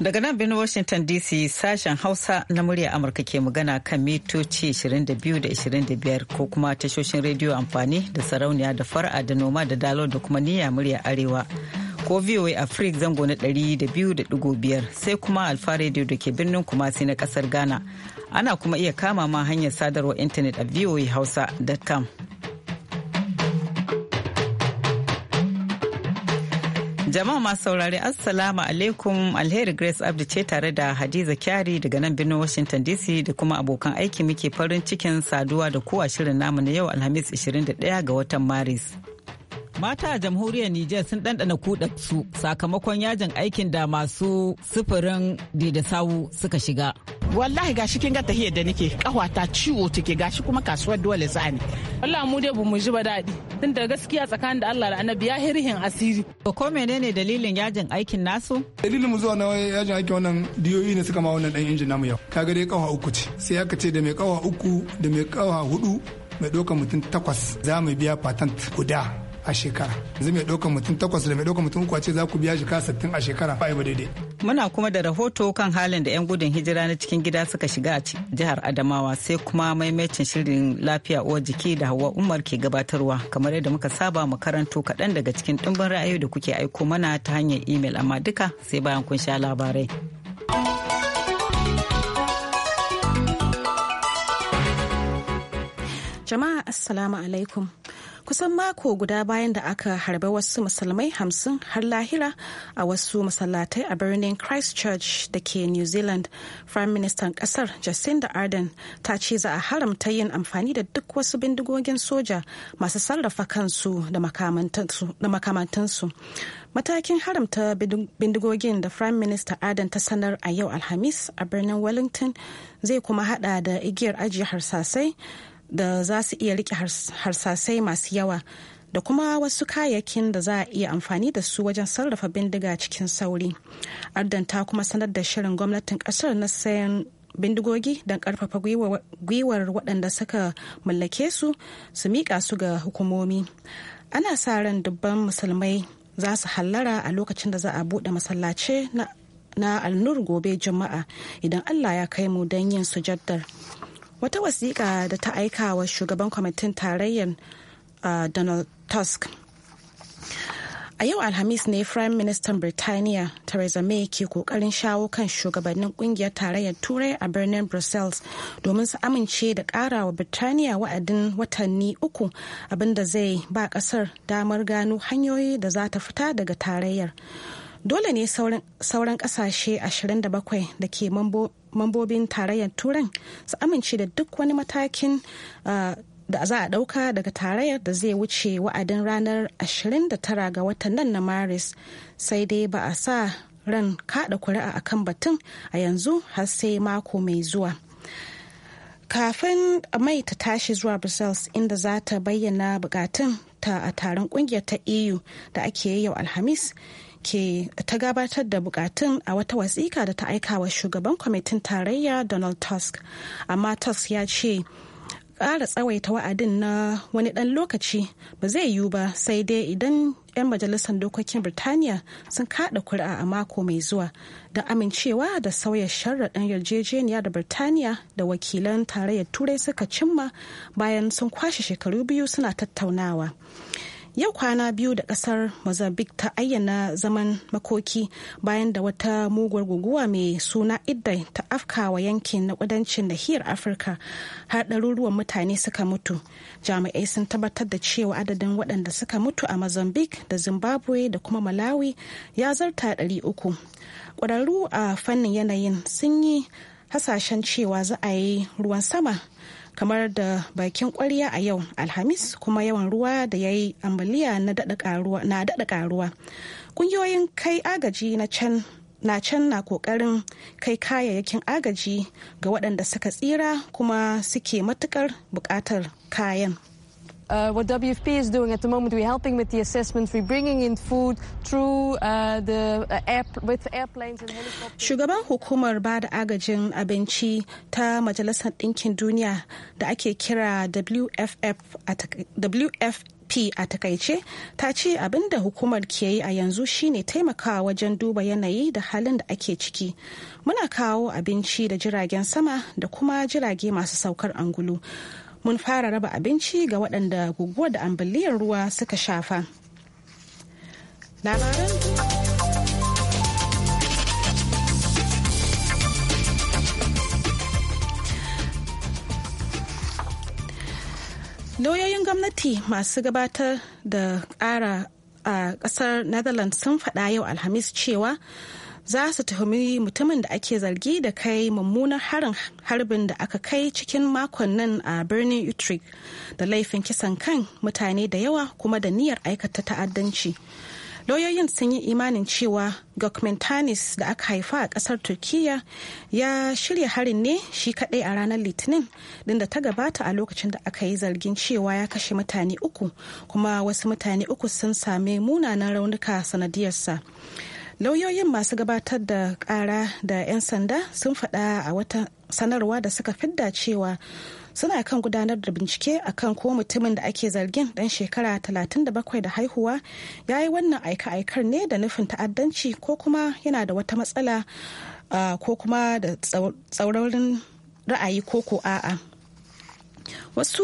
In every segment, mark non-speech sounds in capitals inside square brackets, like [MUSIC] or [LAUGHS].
Daga nan birnin Washington DC sashen Hausa na murya Amurka ke magana kan mitoci 22 da 25 ko kuma tashoshin rediyo amfani da sarauniya da fara da noma da dalo da kuma niyya murya arewa. Ko VOA Africa zango na 200.5 sai kuma Alfa Radio da ke birnin Kumasi na kasar Ghana. Ana kuma iya kama ma hanyar sadarwar intanet a voahausa.com. Jama'a masu saurari Assalamu alaikum Alheri Grace Abdi ce tare da Hadiza Kyari daga nan birnin Washington DC da kuma abokan aiki muke farin cikin saduwa da kowa shirin namu na yau Alhamis 21 ga watan Maris. mata a jamhuriyar Nijar sun ɗanɗana kuɗa su sakamakon yajin aikin da masu sufurin sawu suka shiga. Wallahi gashi kin kinga tahiyar da nake kawata ciwo take gashi kuma kasuwar dole za ne. Allah mu dai bamu ji ba daɗi tun da gaskiya tsakanin da Allah da Annabi ya hirhin asiri. To ko menene dalilin yajin aikin nasu? Dalilin mu zuwa na yajin aikin wannan diyoyi ne suka ma wannan ɗan injin namu yau. Kaga dai kawa uku ce sai aka ce da mai kawa uku da mai kawa hudu mai ɗaukar mutum takwas za mu biya patent guda a shekara yanzu mai ɗaukar mutum takwas da mai ɗaukar mutum uku a ce za ku biya jika sittin a shekara ba daidai. muna kuma da rahoto kan halin da 'yan gudun hijira na cikin gida suka shiga a jihar adamawa sai kuma maimacin shirin lafiya uwar jiki da hawa umar ke gabatarwa kamar yadda muka saba mu karanto kaɗan daga cikin ɗimbin ra'ayoyi da kuke aiko mana ta hanyar imel amma duka sai bayan kun sha labarai. jama'a assalamu alaikum kusan mako guda bayan da aka harbe wasu musulmai hamsin har lahira a wasu masallatai a birnin christchurch da ke new zealand prime minister kasar jacinda ardern ta ce za a haramta yin amfani da duk wasu bindigogin soja masu sarrafa kansu da makamantansu matakin haramta bindigogin da prime minister ardern ta sanar a yau alhamis a birnin wellington zai kuma hada da igiyar ajiyar harsasai da za su iya rike harsasai masu yawa da kuma wasu kayayyakin da za a iya amfani da su wajen sarrafa bindiga cikin sauri ardan ta kuma sanar da shirin gwamnatin ƙasar na sayan bindigogi don ƙarfafa gwiwar waɗanda suka mallake su su miƙa su ga hukumomi ana sa ran dubban musulmai za su hallara a lokacin da za a buɗe masallace na alnur gobe juma'a idan allah ya kai mu don yin sujaddar wata wasiƙa da ta aika wa shugaban kwamitin tarayyar uh, donald tusk a yau alhamis ne prime minister birtaniya theresa may ke kokarin shawo kan shugabannin kungiyar tarayyar turai a birnin brussels domin su amince da kara wa birtaniya wa'adin watanni uku abinda zai ba kasar damar gano hanyoyi da za ta fita daga tarayyar dole ne sauran kasashe 27 da ke mambobin tarayyar turai su amince da duk wani matakin uh, da za a ɗauka daga tarayyar da zai wuce wa'adin ranar 29 ga watan nan na maris sai dai ba a sa ran kada kuri'a a kan batun a yanzu har sai mako mai zuwa kafin mai ta tashi zuwa brussels inda za ta bayyana bukatun ta a taron kungiyar ta eu da ake yi yau alhamis ke ta gabatar da bukatun a wata wasiƙa da ta aika wa shugaban kwamitin tarayya donald tusk amma tusk ya ce ƙara tsawaita wa'adin na wani ɗan lokaci ba zai yiwu ba sai dai idan 'yan majalisar dokokin birtaniya sun kaɗa kuri'a a mako mai zuwa da amincewa da sauya sharaɗin yarjejeniya da birtaniya da wakilan tarayyar turai suka cimma bayan sun kwashe shekaru biyu suna tattaunawa yau kwana biyu da kasar mozambique ta ayyana zaman makoki bayan da wata muguwar guguwa mai suna idai ta afkawa yankin na kudancin nahiyar afirka har ɗaruruwan mutane suka mutu jami'ai sun tabbatar da cewa adadin waɗanda suka mutu a mozambique da zimbabwe da kuma malawi ya zarta ɗari uku ƙwararru a fannin yanayin sun yi hasashen cewa za a yi ruwan sama kamar da bakin kwarya a yau alhamis kuma yawan ruwa da ya yi ambaliya na daɗa karuwa ƙungiyoyin kai agaji na can na can na kokarin kai kayayyakin agaji ga waɗanda suka tsira kuma suke matukar buƙatar kayan Uh, what WFP is doing at the moment, we're helping with the we're bringing in food through uh, the uh, air, with airplanes and helicopters. Shugaban hukumar ba da agajin abinci ta Majalisar Ɗinkin Duniya da ake kira WFF WFP a takaice ta ce abin da hukumar ke yi a yanzu shine taimakawa wajen duba yanayi da halin da ake ciki. Muna kawo abinci da jiragen sama da kuma jirage masu saukar angulu mun fara raba abinci ga waɗanda guguwa da ambaliyar ruwa suka shafa labaran lauyoyin gwamnati masu gabatar da ƙara a ƙasar netherlands sun faɗa yau alhamis cewa za su tuhumi mutumin da ake zargi da kai mummunar harin harbin da aka kai cikin makon nan a birnin utrecht da laifin kisan kan mutane da yawa kuma da niyyar aikata ta'addanci lauyoyin sun yi imanin cewa gokmentanis da aka haifa a kasar turkiya ya shirya harin ne shi kadai a ranar litinin din da ta gabata a lokacin da aka yi zargin cewa ya kashe mutane uku kuma wasu mutane uku sun sami munanan raunuka sanadiyarsa lauyoyin masu gabatar da kara da 'yan sanda sun faɗa a wata sanarwa da suka fidda cewa suna kan gudanar da bincike akan ko mutumin da ake zargin dan shekara 37 da haihuwa ya yi wannan aika-aikar ne da nufin ta'addanci ko kuma yana da wata matsala ko kuma da tsaurarin ra'ayi ko ko a'a wasu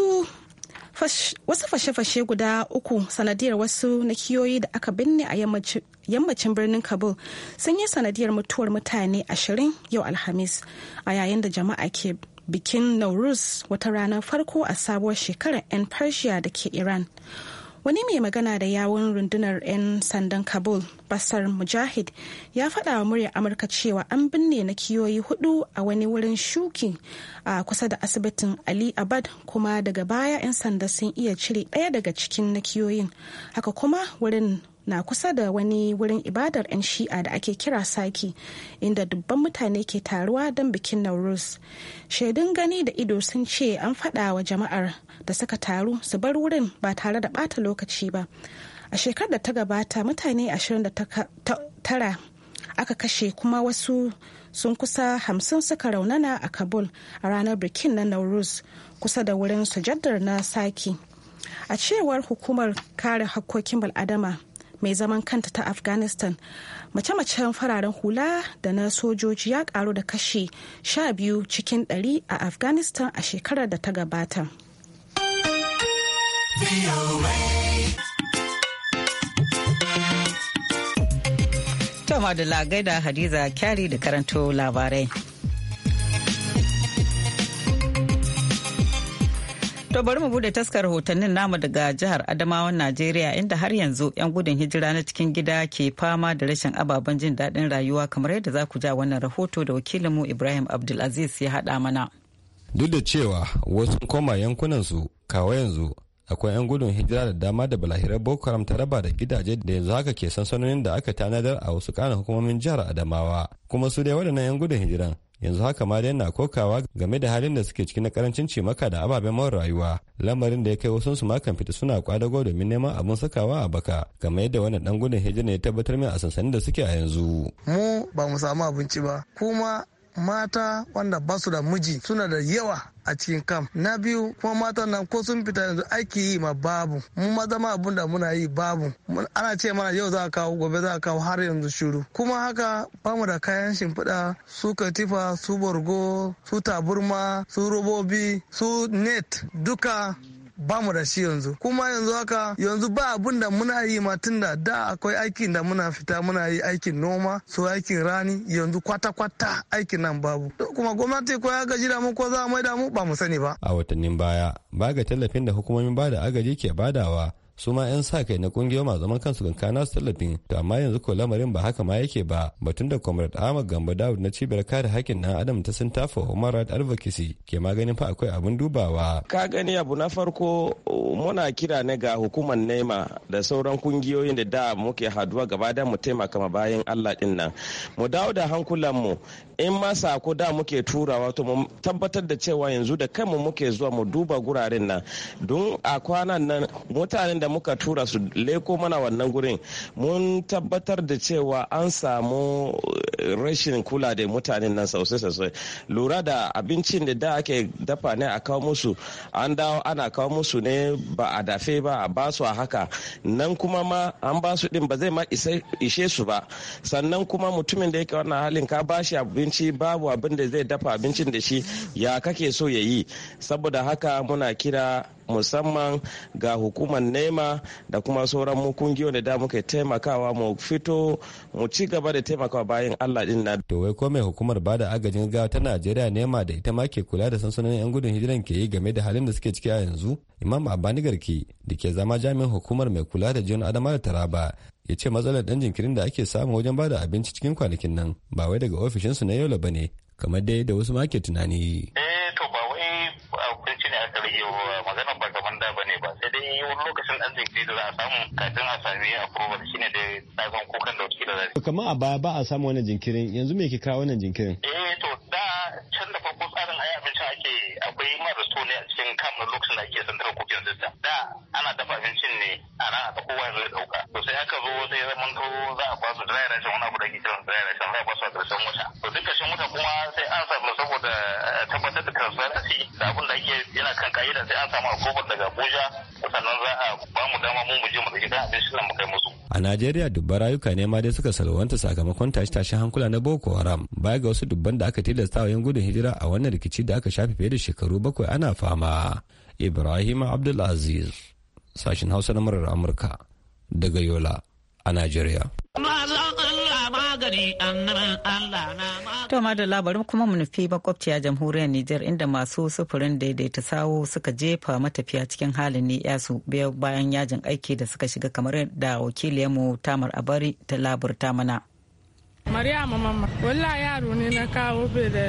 wasu fashe-fashe guda uku sanadiyar wasu nakiyoyi da aka binne a yammacin. yammacin birnin kabul sun yi sanadiyar mutuwar mutane ashirin yau alhamis a yayin da jama'a ke bikin nauruz wata ranar farko a sabuwar shekarar 'yan persia da ke iran wani mai magana da yawon rundunar 'yan sandan kabul basar mujahid ya faɗa wa muryar amurka cewa an binne na kiyoyi hudu a wani wurin shuki a kusa da asibitin ali abad kuma daga baya 'yan sanda sun iya cire ɗaya daga cikin na kiyoyin haka kuma wurin na kusa da wani wurin ibadar 'yan shi'a da ake kira saki inda dubban mutane ke taruwa don bikin nauruz shaidun gani da ido sun ce an fada wa jama'ar da suka taru su bar wurin ba tare da bata lokaci ba a shekarar da ta gabata mutane 29 aka kashe kuma wasu sun kusa hamsin suka raunana a kabul a ranar bikin na nauruz kusa da wurin sujadar na saki a cewar hukumar kare hakkokin bal'adama mai zaman kanta ta afghanistan mace-macen fararen hula da na sojoji ya karu da kashe 12 cikin 100 a afghanistan a shekarar da ta gabata Tama da da Hadiza Kyari da karanto labarai. To bari mu bude taskar hotannin namu daga jihar Adamawan Najeriya inda har yanzu 'yan gudun hijira na cikin gida ke fama da rashin ababen jin daɗin rayuwa kamar yadda za ku ja wannan rahoto da wakilinmu Ibrahim Abdulaziz ya haɗa mana. Duk da cewa wasu koma yankunansu kawo yanzu akwai 'yan gudun hijira da dama da balahira Boko Haram ta raba da gidaje da yanzu haka ke sansanonin da aka tanadar a wasu kanan hukumomin jihar Adamawa kuma su dai waɗannan 'yan gudun hijiran yanzu haka ma dai na kokawa game da halin da suke ciki na karancin cimaka da ababen mawar rayuwa lamarin da ya kai wasu su kan fita suna kwadago domin neman abin sakawa a baka game yadda wannan dan gudun hijira ya tabbatar min a sansanin da suke a yanzu mu ba mu samu abinci ba kuma mata wanda basu da miji suna da yawa a cikin kam na biyu kuma matan nan ko sun fita yanzu aiki yi ma babu mu maza ma abun da muna yi babu ana ce mana yau za kawo gobe za kawo har yanzu shiru kuma haka bamu da kayan shimfiɗa su katifa su borgo su taburma su robobi su net duka ba mu da shi yanzu kuma yanzu haka yanzu ba abun da muna yi ma tunda da akwai aikin da muna fita muna yi aikin noma so aikin rani yanzu kwata-kwata aikin nan babu kuma gwamnati ko ya gaji da mu ko za mu da mu ba mu sani ba a watannin baya ba ga tallafin da hukumomin bada agaji ke badawa su ma 'yan sa kai na kungiyar masu zaman kansu kan kana su tallafin to amma yanzu ko lamarin ba haka ma yake ba batun da comrade ahmad gamba dawud na cibiyar kare hakkin na adam ta sun tafa umar rights advocacy ke maganin fa akwai abin dubawa ka gani abu na farko muna kira ne ga hukumar nema da sauran kungiyoyin da da muke haduwa gaba da mu taimaka ma bayan allah din nan mu dawo da hankulan mu in ma sako da muke turawa to mu tabbatar da cewa yanzu da kanmu muke zuwa mu duba guraren nan don a kwanan nan mutanen da muka tura su leko mana wannan gurin mun tabbatar da cewa an samu rashin kula da mutanen nan sosai sosai lura da abincin da da ake dafa ne a kawo musu an dawo ana kawo musu ne ba a dafe ba a ba su a haka nan kuma ma an ba su din ba zai ma ishe su ba sannan kuma mutumin da yake wannan halin ka ba shi abinci babu abin da zai dafa abincin da shi ya kake so ya yi saboda haka muna kira musamman ga hukumar nema da kuma sauran mu kungiyoyi da muke taimakawa mu fito mu ci gaba da taimakawa bayan Allah din na. To wai ko mai hukumar bada agajin gawa ta Najeriya nema da ita ma ke kula da sansanonin 'yan gudun hijiran ke yi game da halin da suke ciki a yanzu? Imam Abani Garki da ke zama jami'in hukumar mai kula da jin Adama da Taraba ya ce matsalar dan jinkirin da ake samu wajen bada abinci cikin kwanakin nan ba wai daga ofishinsu na yau ba ne kamar dai da wasu ma ke tunani. Eh to ba wai ne aka rage magana lokacin dan zai da za a samu kafin a sami approval shine da tsagon kukan da wakilin da kamar a baya ba a samu wannan jinkirin yanzu me ke kawo wannan jinkirin eh to da can da farko tsarin yi abincin ake akwai ma da ne a cikin kamar lokacin da ake sandar kukin zista da ana dafa abincin ne a ran a kowa ya dauka to sai aka zo sai zama to za a basu dry ration wani abu da ake kiran dry ration za a basu a ƙarshen wata to duk ƙarshen wata kuma sai an samu saboda eh, tabbatar da transparency da abin da ake da sai an samu approval daga Abuja sannan za a ba mu dama mu je mu da gidan abinci nan mu kai musu. A Najeriya dubban rayuka ne ma dai suka salwanta sakamakon tashe-tashen hankula na Boko Haram baya ga wasu dubban da aka tilasta wa 'yan gudun hijira a wannan rikici da aka shafe fiye da shekaru bakwai ana fama. Ibrahim Abdulaziz, sashin Hausa na murar Amurka daga Yola a Najeriya. bari annaban Allah To madalla bari kuma mu nufi makwabciya jamhuriyar Nijar inda masu sufurin daidaita sawo suka jefa matafiya cikin halin ne yasu biya bayan yajin aiki da suka shiga kamar da wakiliyarmu Tamar Abari ta laburta mana. Maryama mamma walla yaro ne na kawo bai da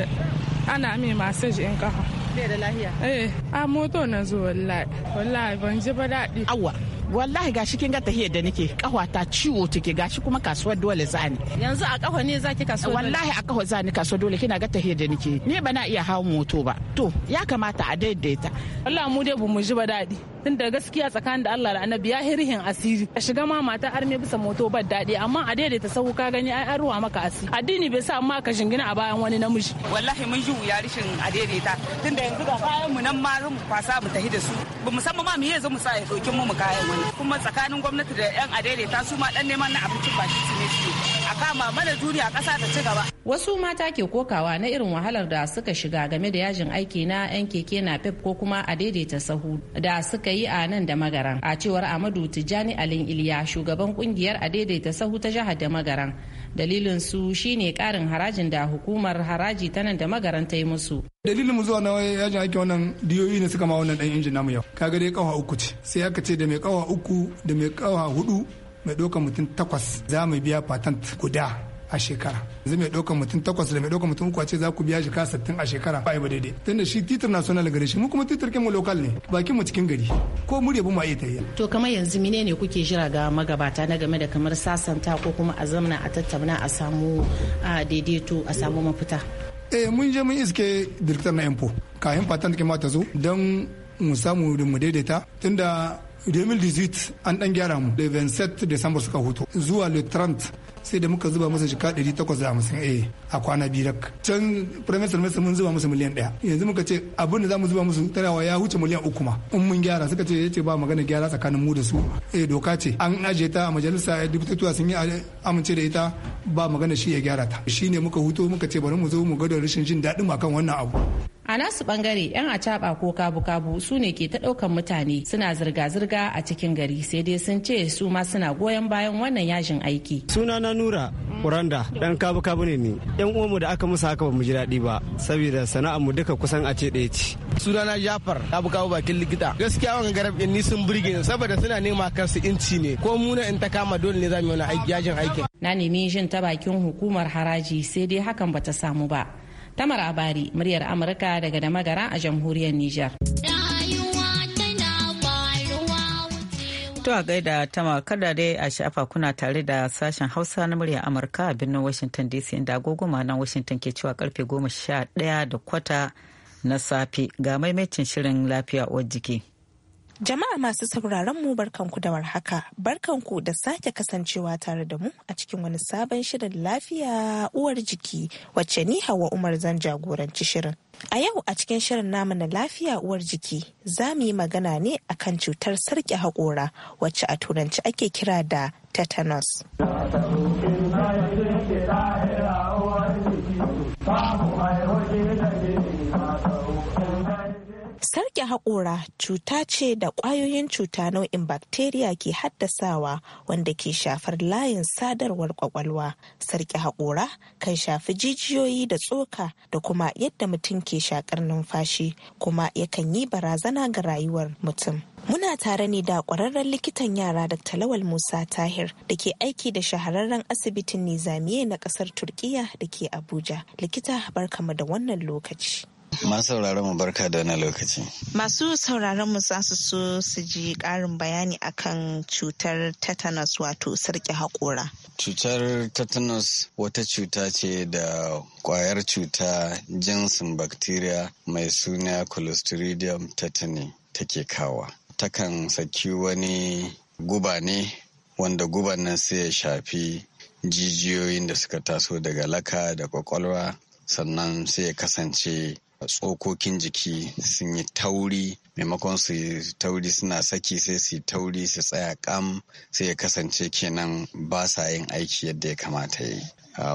ana mai masaj in kafa. Bai da lahiya. Eh, a moto na zo wallahi. Wallahi ban ji ba daɗi. Awwa. wallahi gashi kin ga tahiyar da nake ta ciwo take gashi kuma kasuwar dole za ni. yanzu a kafa ne zaki kasuwar wallahi a kafa ni kasuwar dole kina ga tahiyar da nake ni ba na iya hawo moto ba to ya kamata a daidaita Allah mu dai bamu ji ba daɗi tun da gaskiya tsakanin da Allah da Annabi ya hirhin asiri a shiga ma mata arme bisa moto ba daɗi amma a daidaita sahu ka gani ai an ruwa maka asiri addini bai sa amma ka shingina a bayan wani namiji wallahi mun ji ya rishin a daidaita tun da yanzu ga kayan mu nan ma mu kwasa mu tahi da su ba san ma me yanzu mu sa ya dokin mu mu kayan wani kuma tsakanin gwamnati da 'yan adaidaita su ma dan neman na abincin ba shi ne su a kama mana duniya kasa ta ci gaba. Wasu mata ke kokawa na irin wahalar da suka shiga game da yajin aiki na 'yan keke na pep ko kuma a daidaita sahu da suka yi a nan da magaran. A cewar Amadu Tijjani Alin Iliya shugaban kungiyar a daidaita sahu ta jihar da magaran. dalilin su shine karin harajin da hukumar haraji ta nan da magaranta yi musu dalilin mu zuwa na yajin aiki wannan diyoyi ne suka ma wannan dan injin namu yau kaga dai kawa uku ce sai aka ce da mai kawa uku da mai kawa hudu mai ɗaukar mutum takwas za mu biya patent guda a shekara zai mai ɗaukar mutum takwas da mai ɗaukar mutum uku a ce za ku biya shi ka sittin a shekara ba ba daidai tunda shi titir national gare shi mu kuma titir kinmu local ne bakin mu cikin gari ko murya mu a iya tafiya. to kamar yanzu mine ne kuke jira ga magabata na game da kamar sasanta ko kuma a zamana a tattauna a samu a daidaito a samu mafita. eh mun je mun iske director na info kafin fatan da ma ta zo don mu samu da mu daidaita tunda 2018 an dan gyara mu da 27 December suka hutu zuwa le sai da muka zuba masa jika 850 a eh, a kwana biyu can premier semester mun zuba musu miliyan ɗaya yanzu muka ce abin da mu zuba musu tarawa ya huce miliyan uku ma in mun gyara suka ce yace ba magana gyara tsakanin mu da su eh doka ce an aje ta a majalisa eh, diputatuwa sun yi eh, amince da ita ba magana shi ya gyara ta shine muka huto muka ce bari mu zo mu ga rashin jin daɗin akan wannan abu a nasu bangare yan acaba ko kabu-kabu su ne ke ta daukan mutane suna zirga-zirga a cikin gari sai dai sun ce su ma suna goyon bayan wannan yajin aiki sunana nura kuranda dan kabu-kabu ne ni yan uwanmu da aka musu haka ba mu ji daɗi ba saboda sana'ar mu duka kusan a ce ɗaya ce sunana jafar kabu-kabu bakin likita gaskiya wannan garab ni sun burge ni saboda suna nema kansu inci ne ko muna in ta kama dole ne za mu yi wani yajin aikin na nemi jin ta bakin hukumar haraji sai dai hakan bata samu ba Tamar Abari, muryar Amurka daga da magara a jamhuriyar Nijar. To a gaida tama kada dai a sha'afa kuna tare da sashen Hausa na murya Amurka a birnin Washington DC inda agogo nan Washington ke cewa karfe goma sha ɗaya da kwata na safe ga maimacin shirin lafiya uwar jiki. Jama'a masu sauraron mu barkanku da warhaka, barkanku da sake kasancewa tare da mu a cikin wani sabon shirin lafiya uwar jiki wacce ni Hauwa Umar zan jagoranci shirin. A yau a cikin shirin namu na lafiya uwar jiki za mu yi magana ne akan cutar sarki haƙora wacce a turanci ake kira da tetanus. Sarki haƙora cuta ce da ƙwayoyin cuta nau'in bakteriya ke haddasawa wanda ke shafar layin sadarwar ƙwaƙwalwa. Sarki haƙora kan shafi jijiyoyi da tsoka da kuma yadda mutum ke shaƙar numfashi kuma yakan yi barazana ga rayuwar mutum. Muna tare ne da ƙwararren likitan yara da Talawal Musa Tahir da ke aiki da shahararren asibitin Nizamiye na ƙasar Turkiya da ke Abuja. Likita barkamu da wannan lokaci. Masu sauraron mu barka da wani lokaci. Masu sauraron mu za su so su ji ƙarin bayani akan cutar tetanus wato sarki haƙora. Cutar tetanus wata cuta ce da ƙwayar cuta jinsin bakteriya mai suna Clostridium tetani take kawa. Takan saki wani guba ne wanda guban nan sai ya shafi jijiyoyin da suka taso daga laka da kwakwalwa sannan sai ya kasance tsokokin jiki sun yi tauri maimakon su yi tauri suna saki sai su yi tauri su tsaya kam sai ya kasance kenan ba sa yin aiki yadda ya kamata yi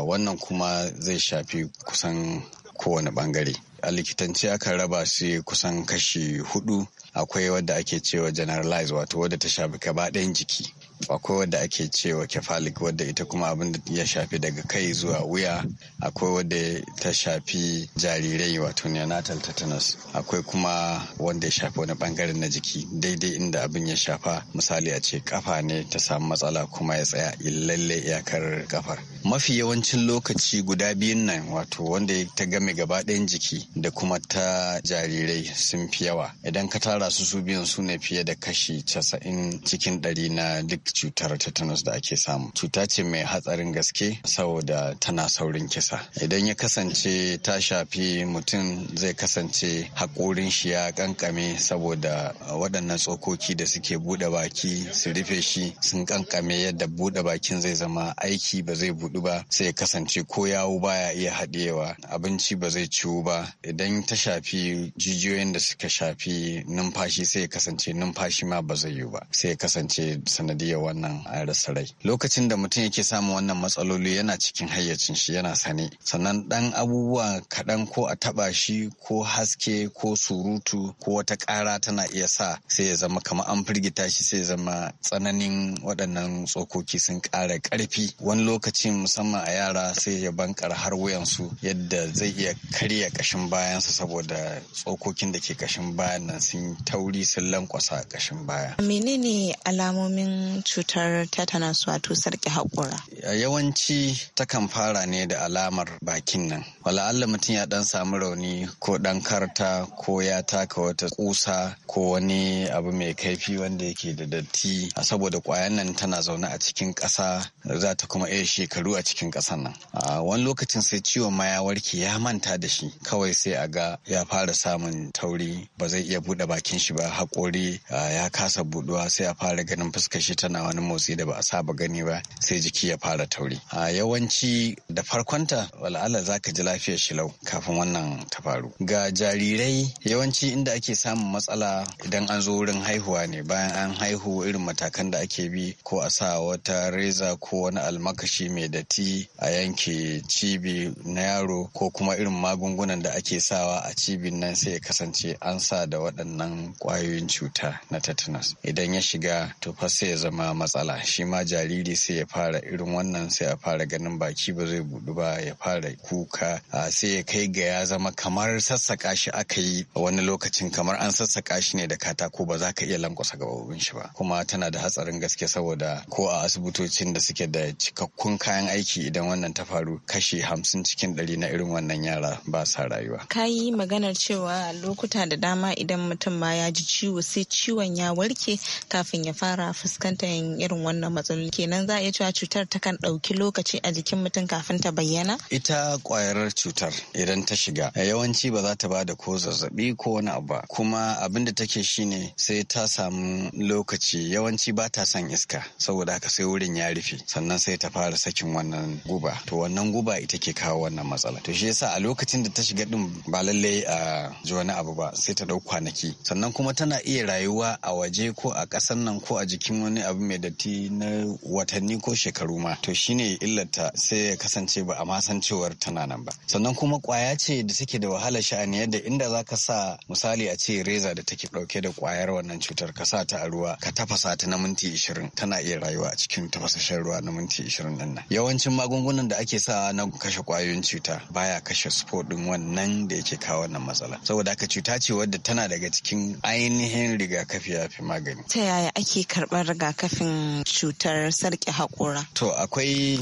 wannan kuma zai shafi kusan kowane bangare a likitance aka raba su kusan kashi hudu akwai wadda ake cewa generalize wato wadda ta shafi gaba jiki akwai wadda ake cewa kefalik wadda ita kuma abin da ya shafi daga kai zuwa wuya akwai wadda ta shafi jarirai wato neonatal tetanus akwai kuma wanda ya shafi wani bangaren na jiki daidai inda abin ya shafa misali a ce kafa ne ta samu matsala kuma ya tsaya lalle iyakar kafar mafi yawancin lokaci guda biyun nan wato wanda ta game gaba ɗayan jiki da kuma ta jarirai sun fi yawa idan ka tara su su biyan su ne fiye da kashi casa'in cikin ɗari na duk cutar tetanus da ake samu cuta ce mai hatsarin gaske saboda tana saurin kisa idan ya kasance ta shafi mutum zai kasance haƙorin shi ya kankame saboda waɗannan tsokoki da suke buɗe baki su rufe shi sun kankame yadda buɗe bakin zai zama aiki ba zai buɗu ba sai ya kasance ko yawo baya iya haɗewa abinci ba zai ciwu ba idan ta shafi jijiyoyin da suka shafi numfashi sai ya kasance numfashi ma ba zai yiwu ba sai ya kasance sanadiyar iya wannan an rasa rai lokacin da mutum yake samun wannan matsaloli yana cikin hayyacin shi yana sane sannan dan abubuwa kaɗan ko a taba shi ko haske ko surutu ko wata ƙara tana iya sa sai ya zama kamar an firgita shi sai ya zama tsananin waɗannan tsokoki sun ƙara ƙarfi wani lokacin musamman a yara sai ya bankar har wuyansu yadda zai iya karya ƙashin bayansa saboda tsokokin da ke ƙashin bayan nan sun tauri sun lankwasa kashin ƙashin baya menene alamomin cutar tetanus wato sarki haƙura? Yawanci takan fara ne da alamar bakin nan. Wala Allah mutum ya dan samu rauni ko dan karta ko ya taka wata kusa ko wani abu mai kaifi wanda yake da datti saboda kwayan nan tana zaune a cikin ƙasa za ta kuma iya shekaru a cikin ƙasan nan a wani lokacin sai ciwon ma ya warke ya manta da shi kawai sai a ga ya fara samun tauri ba zai iya buɗe bakin shi ba haƙori ya kasa buɗuwa sai a fara ganin fuskar shi tana wani motsi da ba a saba gani ba sai jiki ya fara tauri a yawanci da farkonta wal'ala za ka ji lafiyar shi lau kafin wannan ta faru ga jarirai yawanci inda ake samun matsala idan an zo wurin haihuwa ne bayan an haihu irin matakan da ake bi ko a sa wata reza ko ko wani almakashi mai datti a yanke cibi na yaro ko kuma irin magungunan da ake sawa a cibin nan sai ya kasance an sa da waɗannan ƙwayoyin cuta na tetanus idan ya shiga to fa sai ya zama matsala shi ma jariri sai ya fara irin wannan sai ya fara ganin baki ba zai budu ba ya fara kuka a sai ya kai ga ya zama kamar sassaka shi aka yi wani lokacin kamar an sassaka shi ne da katako ba za ka iya lankwasa gababin shi ba kuma tana da hatsarin gaske saboda ko a asibitocin da suke da cikakkun kayan aiki idan wannan ta faru kashe hamsin cikin ɗari na irin wannan yara ba sa rayuwa. Ka yi maganar cewa lokuta da dama idan mutum ma ya ji ciwo sai ciwon ya warke kafin ya fara fuskantar irin wannan matsaloli kenan za a iya cewa cutar takan ɗauki lokaci a jikin mutum kafin ta bayyana? Ita ƙwayar cutar idan ta shiga yawanci ba za ta ba da ko zazzabi ko wani abu ba kuma abin da take shine sai ta samu lokaci yawanci ba ta son iska saboda haka sai wurin ya rufe sannan sai ta fara sakin wannan guba to wannan guba ita ke kawo wannan matsala to shi yasa a lokacin da ta shiga din ba lallai a ji wani abu ba sai ta dau kwanaki sannan kuma tana iya rayuwa a waje ko a ƙasan nan ko a jikin wani abu mai datti na watanni ko shekaru ma to shine illarta sai ya kasance ba a ma san cewar tana nan ba sannan kuma kwaya ce da take da wahala sha'ani yadda inda zaka sa misali a ce reza da take dauke da kwayar wannan cutar ka sa ta a ruwa ka tafasa ta na minti 20 tana iya rayuwa a cikin tafasashen ruwa ba na minti ishirin din nan yawancin magungunan da ake sa na kashe kwayoyin cuta baya kashe spot din wannan da yake kawo wannan matsala saboda haka cuta ce wadda tana daga cikin ainihin rigakafi ya fi magani ta yaya ake karɓar rigakafin cutar sarki haƙora to akwai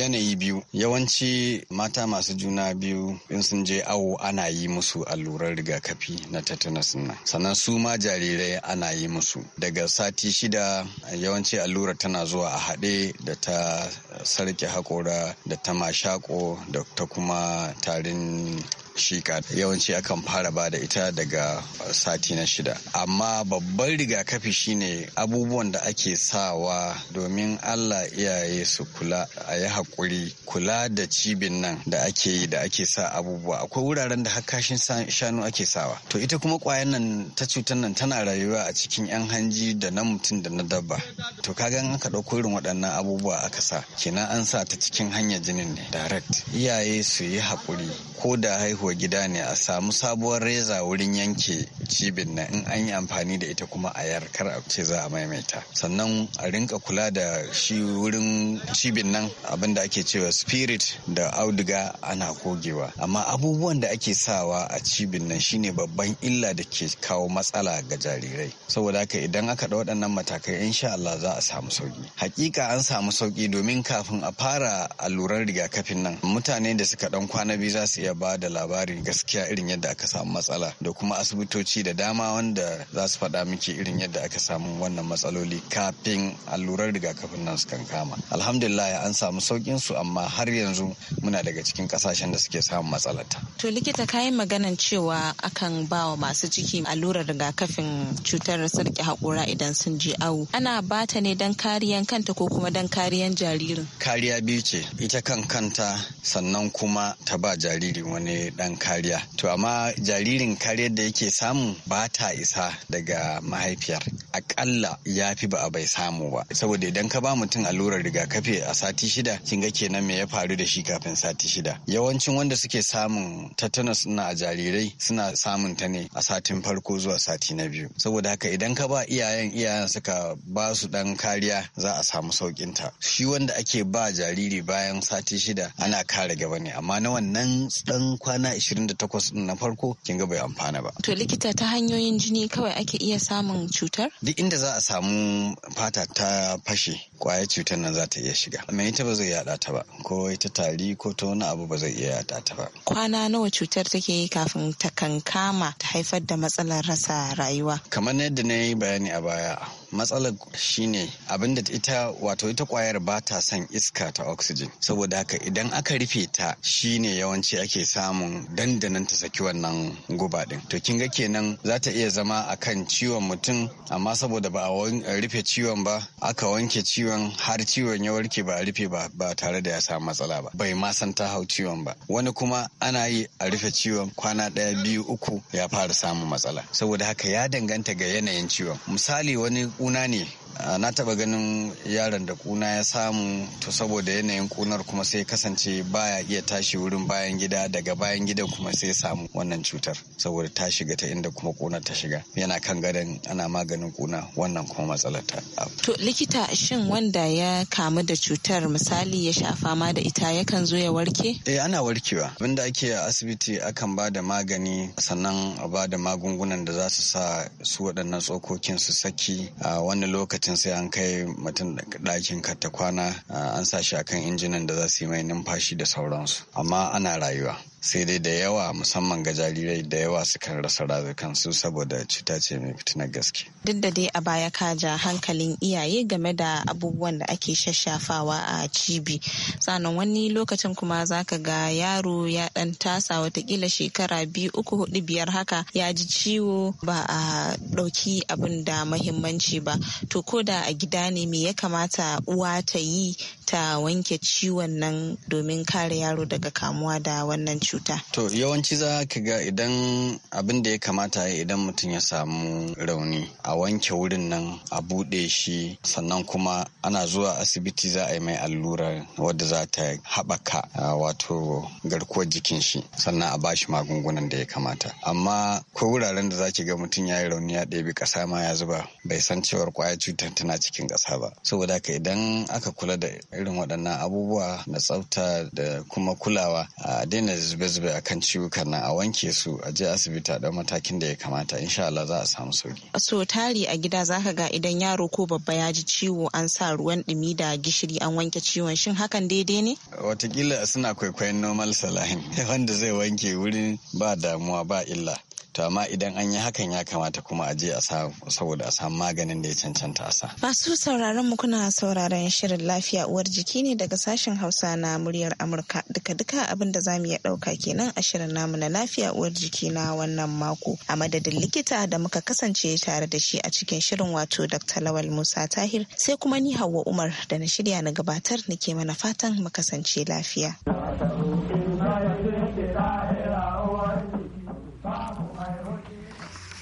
yanayi biyu yawanci mata masu juna biyu in sun je awo ana yi musu allurar rigakafi na tetanus nan sannan su ma jarirai ana yi musu daga sati shida yawanci allura tana zuwa a haɗe da ta sarki haƙora da ta mashako da ta kuma tarin shika yawanci akan fara ba da ita daga uh, sati na shida amma babban rigakafi shine abubuwan da ake sawa domin allah iyaye su kula a yi haƙuri kula da cibin nan da ake yi da ake sa abubuwa akwai wuraren da hakashin shanu ake sawa to ita kuma kwayan nan ta cutar nan tana rayuwa a cikin yan hanji da na mutum da na dabba to kaga in aka ɗauko irin waɗannan abubuwa aka sa kina an sa ta cikin hanyar jinin ne direct iyaye su yi hakuri ko da haihu wa gida ne a samu sabuwar reza wurin yanke cibin nan in an yi amfani da ita kuma a yarkar a ce za a maimaita sannan a rinka kula da shi wurin cibin nan abinda da ake cewa spirit da auduga ana gogewa amma abubuwan da ake sawa a cibin nan shine babban illa da ke kawo matsala ga jarirai saboda haka idan aka da waɗannan matakai insha Allah za a samu sauki hakika an samu sauki domin kafin a fara alluran rigakafin nan mutane da suka dan kwana biyu za su iya ba da labarin labari gaskiya irin yadda aka samu matsala da kuma asibitoci da dama wanda za su faɗa miki irin yadda aka samu wannan matsaloli kafin allurar rigakafin nan su kama alhamdulillah an samu saukin su amma har yanzu muna daga cikin kasashen da suke samun matsalata to likita kayan maganan cewa akan ba wa masu ciki allurar rigakafin cutar sarki haƙura idan sun je awo ana bata ne don kariyan kanta ko kuma don kariyan jaririn kariya biyu ce ita kan kanta sannan kuma ta ba jariri wani ɗan kariya to amma jaririn kariyar da yake samu ba ta isa daga mahaifiyar akalla ya fi ba a bai samu ba saboda idan ka ba mutum allurar rigakafi a sati shida kin ga kenan me ya faru da shi kafin sati shida yawancin wanda suke samun tetanus na a jarirai suna samun ta ne a satin farko zuwa sati na biyu saboda haka idan ka ba iyayen iyayen suka ba su dan kariya za a samu saukin ta shi wanda ake ba jariri bayan sati shida ana kare gaba ne amma na wannan ɗan kwana kwana 28 din na farko kin ga bai amfana ba to likita ta hanyoyin jini kawai ake iya samun cutar duk inda za a samu fata ta fashe kwayar cutar nan za ta iya shiga mai ita ba zai yada ta ba ko ita tari ko ta wani abu ba zai iya yada ta ba kwana nawa cutar take yi kafin ta kankama ta haifar da matsalar rasa rayuwa kamar yadda na yi bayani a baya matsalar shine abinda ita wato ita kwayar ba ta son iska ta oxygen saboda haka idan aka rufe ta shine yawanci ake samun dandanan ta saki wannan guba din to kin ga kenan za ta iya zama akan ciwon mutum amma saboda ba a rufe ciwon ba aka wanke ciwon ciwon har ciwon ya warke ba a rufe ba ba tare da ya samu matsala ba bai ma san ta hau ciwon ba wani kuma ana yi a rufe ciwon kwana ɗaya biyu uku ya fara samun matsala saboda haka ya danganta ga yanayin ciwon misali wani kuna ne Ah, na taba ganin yaron da kuna ya samu to saboda yanayin kunar kuma sai kasance baya iya tashi wurin bayan gida daga bayan gida kuma sai samu wannan cutar saboda ta shiga ta inda kuma kunar ta shiga yana kan gadon ana maganin kuna wannan kuma matsalar ta to likita shin wanda ya kamu da cutar misali ya sha fama da ita yakan zo ya warke eh ana warkewa abinda ake a asibiti akan ba da magani sannan a ba da magungunan da za su sa su waɗannan tsokokin su saki a ah, wani lokaci lokacin sai an kai mutum ɗakin katakwana kwana an sa shi akan injinan da za su yi mai numfashi da sauransu amma ana rayuwa sai dai da yawa musamman ga jarirai da yawa sukan rasa su saboda cuta ce mai fitinar gaske. Duk da dai a baya kaja hankalin iyaye game da abubuwan da ake shashafawa a cibi. Sannan wani lokacin kuma zaka ga yaro ya dan tasa watakila shekara biyu uku hudu biyar haka ya ji ciwo ba a ɗauki abin da mahimmanci ba. To ko da a gida ne me ya kamata uwa ta yi ta wanke ciwon nan domin kare yaro daga kamuwa da wannan cuta. To yawanci za ka ga idan abin da ya kamata ya idan mutum ya samu rauni a wanke wurin nan a buɗe shi sannan kuma ana zuwa asibiti za a yi mai allura wadda za ta haɓaka wato garkuwar jikin shi sannan a bashi magungunan da ya kamata. Amma ko wuraren da za ga mutum ya yi rauni ya ɗebi ƙasa ma ya zuba bai san cewar kwaya cutar tana cikin ƙasa ba. Saboda ka idan aka kula da irin waɗannan abubuwa na tsafta da kuma kulawa a daina zube-zube a kan ciwukan nan a wanke su a je asibiti a matakin da ya kamata insha Allah za a samu sauki. So tari a gida zaka ga idan yaro ko babba ya ji ciwo an sa ruwan ɗumi da gishiri an wanke ciwon shin hakan daidai ne? Watakila suna kwaikwayon normal salahin [LAUGHS] wanda zai wanke wurin ba damuwa ba illa. to amma idan an yi hakan ya kamata kuma a je a saboda a samu maganin da ya cancanta a sa masu sauraron mu kuna sauraron shirin lafiya uwar jiki ne daga sashen hausa na muryar amurka duka duka abin da zamu iya ɗauka kenan a shirin namu na lafiya uwar jiki na wannan mako a madadin likita da muka kasance tare da shi a cikin shirin wato dr lawal musa tahir sai kuma ni hawa umar da na shirya na gabatar nake mana fatan mu kasance lafiya.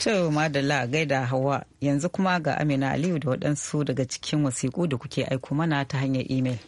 To Madalla gaida Hawa yanzu kuma ga Amina Aliyu da waɗansu daga cikin wasiƙu da kuke aiko mana ta hanyar imel.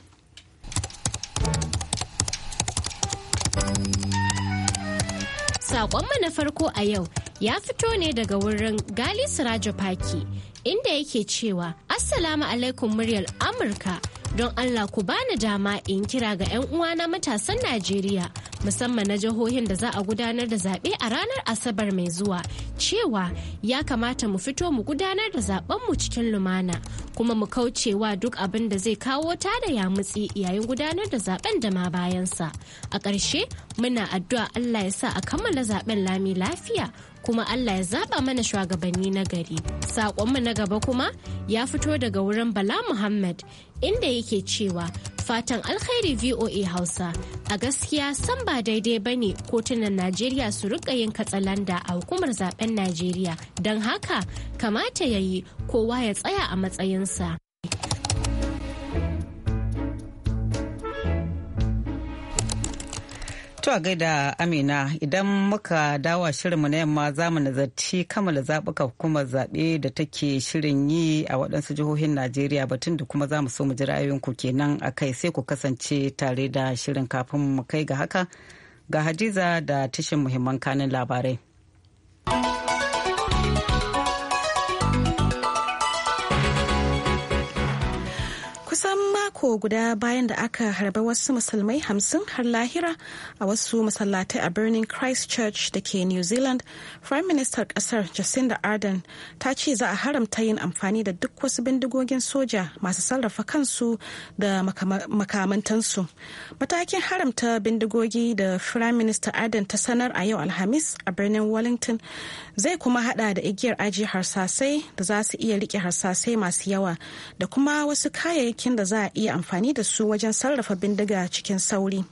Saƙonmu na farko a yau ya fito ne daga wurin Gali Sirajo paki inda yake cewa Assalamu alaikum muryar Amurka don Allah ku bani dama in kira ga 'yan uwana matasan Najeriya. musamman na jihohin da za a gudanar da zaɓe a ranar Asabar mai zuwa cewa ya kamata mu fito mu gudanar da mu cikin lumana kuma mu kaucewa duk abin da zai kawo ta da yamutsi yayin gudanar da zaɓen da ma bayansa. A ƙarshe muna addu'a Allah ya sa a kammala zaɓen lami lafiya kuma Allah ya zaba mana shugabanni na gari. Saƙonmu na gaba kuma ya fito daga wurin Bala Muhammad inda yake cewa Fatan alkhairi VOA Hausa a gaskiya san ba daidai ba ne kotunan Najeriya su rika yin katsalanda a hukumar zaben Najeriya don haka kamata ya yi kowa ya tsaya a matsayinsa. To a gaida Amina idan muka dawa mu na yamma za mu nazarci kammala zaɓuka hukumar zaɓe da take shirin yi a waɗansu jihohin Najeriya batun da kuma za mu so mu ji ra'ayoyinku kenan a kai sai ku kasance tare da shirin kafin mu kai ga haka ga Hadiza da tashin muhimman kanin labarai. mako guda bayan da aka harba wasu musulmai hamsin har lahira a wasu masallatai a birnin christchurch da ke new zealand prime minister kasar jacinda ardern ta ce za a haramta yin amfani da duk wasu bindigogin soja masu sarrafa kansu da makamantansu matakin haramta bindigogi da prime minister ardern ta sanar a yau alhamis a birnin wellington zai kuma hada da igiyar aji harsasai da za su iya rike harsasai masu yawa da kuma wasu kayayyakin da za iya amfani da su wajen sarrafa bindiga cikin sauri.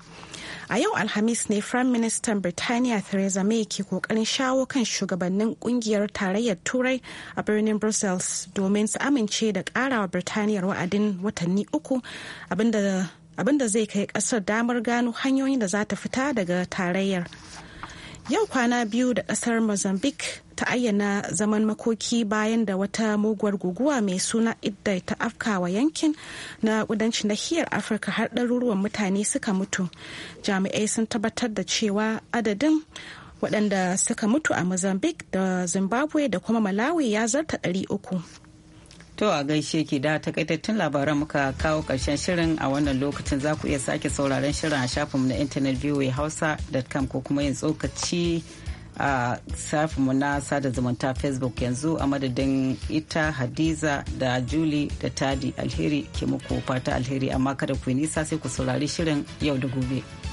A yau Alhamis ne Firayim Ministan Birtaniya Theresa May ke kokarin shawo kan shugabannin kungiyar tarayyar Turai a birnin Brussels domin su amince da karawa Birtaniya wa'adin watanni uku abinda zai kai kasar damar gano hanyoyin da za ta fita daga tarayyar. yau kwana biyu da kasar mozambique ta ayyana zaman makoki bayan da wata muguwar guguwa mai suna idda ta afkawa yankin na kudancin nahiyar afirka har ɗaruruwan mutane suka mutu jami'ai sun tabbatar da cewa adadin waɗanda suka mutu a mozambique da zimbabwe da kuma malawi ya zarta 300 To a gaishe ki da takaitattun labaran muka kawo karshen shirin a wannan lokacin za ku iya sake sauraron shirin a shafinmu na intanet voa hausa.com ko kuma yin tsokaci a shafinmu na sada zumunta facebook yanzu a madadin ita hadiza da juli da tadi alheri ke muku fata alheri amma kada ku nisa sai ku saurari shirin yau da gobe.